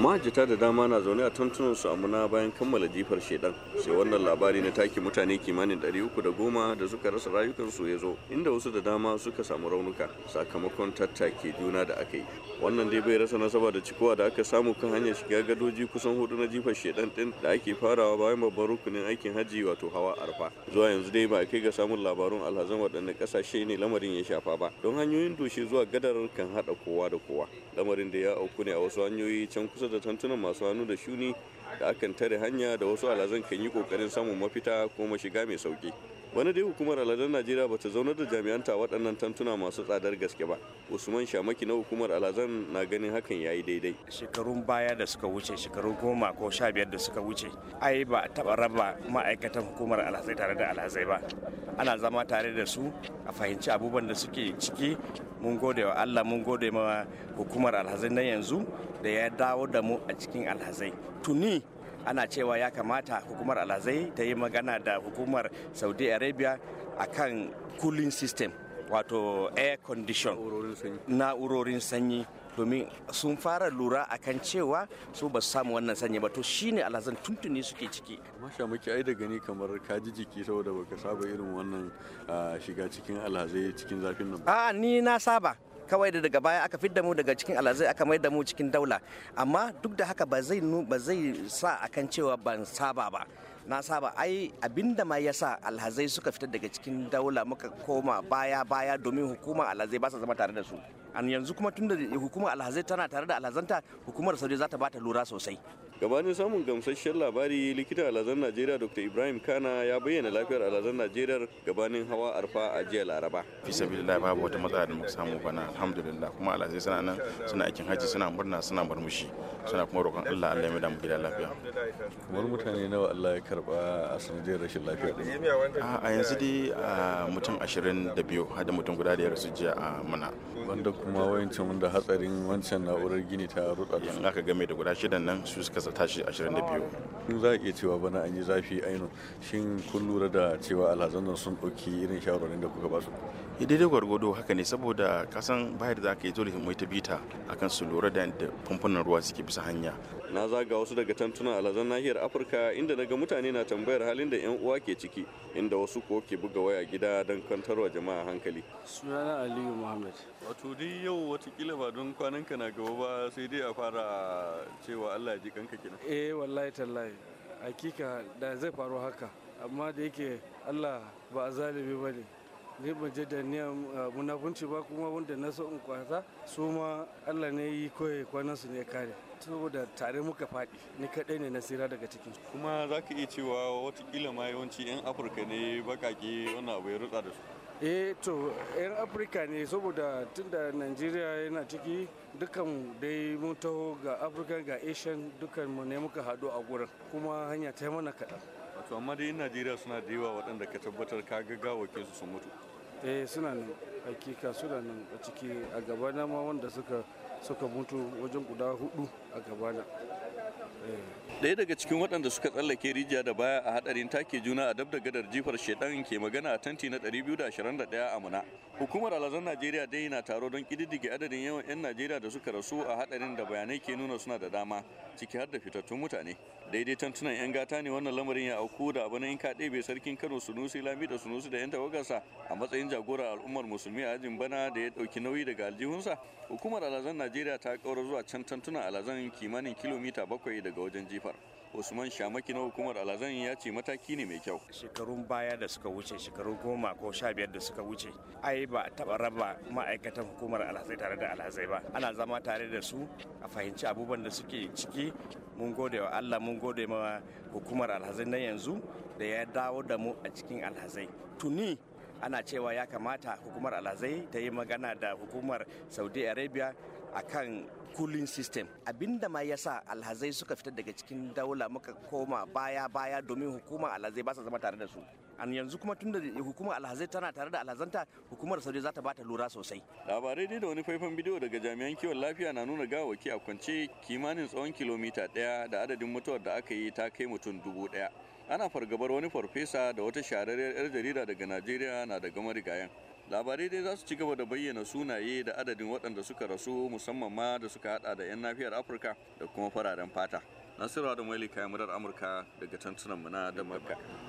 mahajjata da dama na zaune a tantunan su amuna bayan kammala jifar shedan sai wannan labari na take mutane kimanin 310 da suka rasa rayukansu ya zo inda wasu da dama suka samu raunuka sakamakon tattake juna da aka yi wannan dai bai rasa nasaba da cikowa da aka samu kan hanyar shiga gadoji kusan hudu na jifar shedan din da ake farawa bayan babban rukunin aikin hajji wato hawa arfa zuwa yanzu dai ba a kai ga samun labarun alhazan waɗanne ƙasashe ne lamarin ya shafa ba don hanyoyin dushe zuwa gadar kan haɗa kowa da kowa lamarin da ya auku ne a wasu hanyoyi can kusa da tantunan masu hannu da shuni da akan tare hanya da wasu alazan kan yi kokarin samun mafita ko mashiga mai sauki bana dai hukumar alhazan najeriya bata zaunar da jami'anta waɗannan tantuna masu tsadar gaske ba usman shamaki na hukumar alazan na ganin hakan ya yi daidai shekarun baya da suka wuce shekaru goma ko sha biyar da suka wuce ai ba taɓa raba ma'aikatan hukumar alazai tare da alazai ba ana zama tare da su a fahimci abubuwan da suke ciki mun gode wa allah mun gode ma hukumar alhazai na yanzu da ya dawo da mu a cikin alhazai tuni ana cewa ya kamata hukumar alhazai ta yi magana da hukumar saudi arabia akan cooling system wato air condition na'urorin sanyi domin sun fara lura akan cewa su ba samu wannan sanyi ba to shine alhazan tuntuni suke ciki masha muke ai da gani kamar ka ji jiki saboda baka saba irin wannan ah, shiga cikin alhazai cikin zafin nan a ni na saba kawai daga baya aka fidda mu daga cikin alazai aka mai da mu cikin daula amma duk da haka ba zai ba zai sa akan cewa ban saba ba na saba ai abinda ma yasa alhazai suka fita daga cikin daula muka koma baya baya domin hukuma alhazai ba su zama tare da su an yanzu kuma tunda hukumar alhazai tana tare da alhazanta hukumar saudi za ta ba ta lura sosai gabanin samun gamsasshen labari likita alhazan najeriya dr ibrahim kana ya bayyana lafiyar alhazan najeriya gabanin hawa arfa a jiya laraba fi sabilillah babu wata matsala da muka samu bana alhamdulillah kuma alhazai suna nan suna aikin haji suna murna suna murmushi suna kuma roƙon allah allah ya mai damu gida lafiya kamar mutane nawa allah ya karba a sanadiyar rashin lafiya din a yanzu dai mutum ashirin da biyu har da mutum guda da ya rasu jiya a mana wanda kuma wayancin wanda hatsarin wancan na'urar gini ta rutsa yanzu aka game da guda shida nan su suka tashi biyu. kun za a iya cewa bana an yi zafi ainihin shin kun lura da cewa alhazan nan sun ɗauki irin shawarwarin da kuka ba su eh, daidai gwargwado haka ne saboda kasan bayar da aka yi dole mai ta bita akan su lura da yadda famfunan ruwa suke bisa hanya na zaga wasu daga tantuna a lazan nahiyar afirka inda daga mutane na tambayar halin da yan uwa ke ciki inda wasu ko ke buga waya gida don kwantarwa jama'a hankali sunana aliyu muhammad wato dai yau watakila ba don kwanan na gaba ba sai dai a fara cewa allah ji kanka kina eh wallahi tallahi hakika da zai faru haka amma da yake allah ba a zalimi ba ne ni ban je da niyan eh, munafunci ba kuma wanda na so in kwasa su ma Allah ne yi koyi kwanan su ne kare saboda tare muka faɗi ni kaɗai ne na sira daga cikin kuma za ka iya cewa watakila ma yawanci 'yan afirka ne bakaki wannan abu ya rutsa da su eh to 'yan afirka ne saboda tun da najeriya yana ciki dukan dai mun taho ga afirka ga asian dukan mu ne muka haɗu a gurin kuma hanya ta yi mana kaɗan to amma dai najeriya suna da yawa waɗanda ka tabbatar ka gaggawa ke su mutu eh suna nan hakika suna nan a ciki a gaba na ma wanda suka suka mutu wajen guda hudu aka bada eh. ɗaya daga cikin waɗanda suka tsallake rijiya da baya a hadarin take juna a dabda gadar jifar shedan ke magana a tanti na 221 a muna hukumar alazan najeriya dai na taro don kididdige adadin yawan 'yan najeriya da suka rasu a hadarin da bayanai ke nuna suna da dama ciki har da fitattun mutane daidai tantunan 'yan gata ne wannan lamarin ya auku da abu na in ka sarkin kano sunusi lami da sunusi da 'yan tawagarsa a matsayin jagorar al'ummar musulmi a ajin bana da ya dauki nauyi daga aljihunsa hukumar alazan najeriya ta ƙaura zuwa can tantunan alazan nan kimanin kilomita bakwai daga wajen jifar usman shamaki na hukumar alazan ya ce mataki ne mai kyau shekarun baya da suka wuce shekaru goma ko sha biyar da suka wuce ai ba taba raba ma'aikatan hukumar alhazai tare da alhazai ba ana zama tare da su a fahimci abubuwan da suke ciki mun gode wa allah mun gode ma hukumar alhazai na yanzu da ya dawo da mu a cikin alhazai tuni ana cewa ya kamata hukumar alhazai ta yi magana da hukumar saudi arabia a kan cooling system abinda ma ya sa alhazai suka fita daga cikin daula muka koma baya baya domin hukuma alhazai ba su zama tare da su an yanzu kuma tun da hukumar alhazai tana tare da alhazanta hukumar saudi za ta bata lura sosai labarai dai da wani faifan bidiyo daga jami'an kiwon lafiya na nuna gawaki a kwance kimanin tsawon kilomita daya da adadin mutuwar da aka yi ta kai mutum dubu daya ana fargabar wani farfesa da wata shahararriyar 'yar jarida daga najeriya na daga marigayen labarai dai za su ci gaba da bayyana sunaye da adadin waɗanda suka rasu musamman ma da suka hada da 'yan nafiyar afirka da kuma fararen fata nasiru da maili kayan murar amurka daga tantunan na da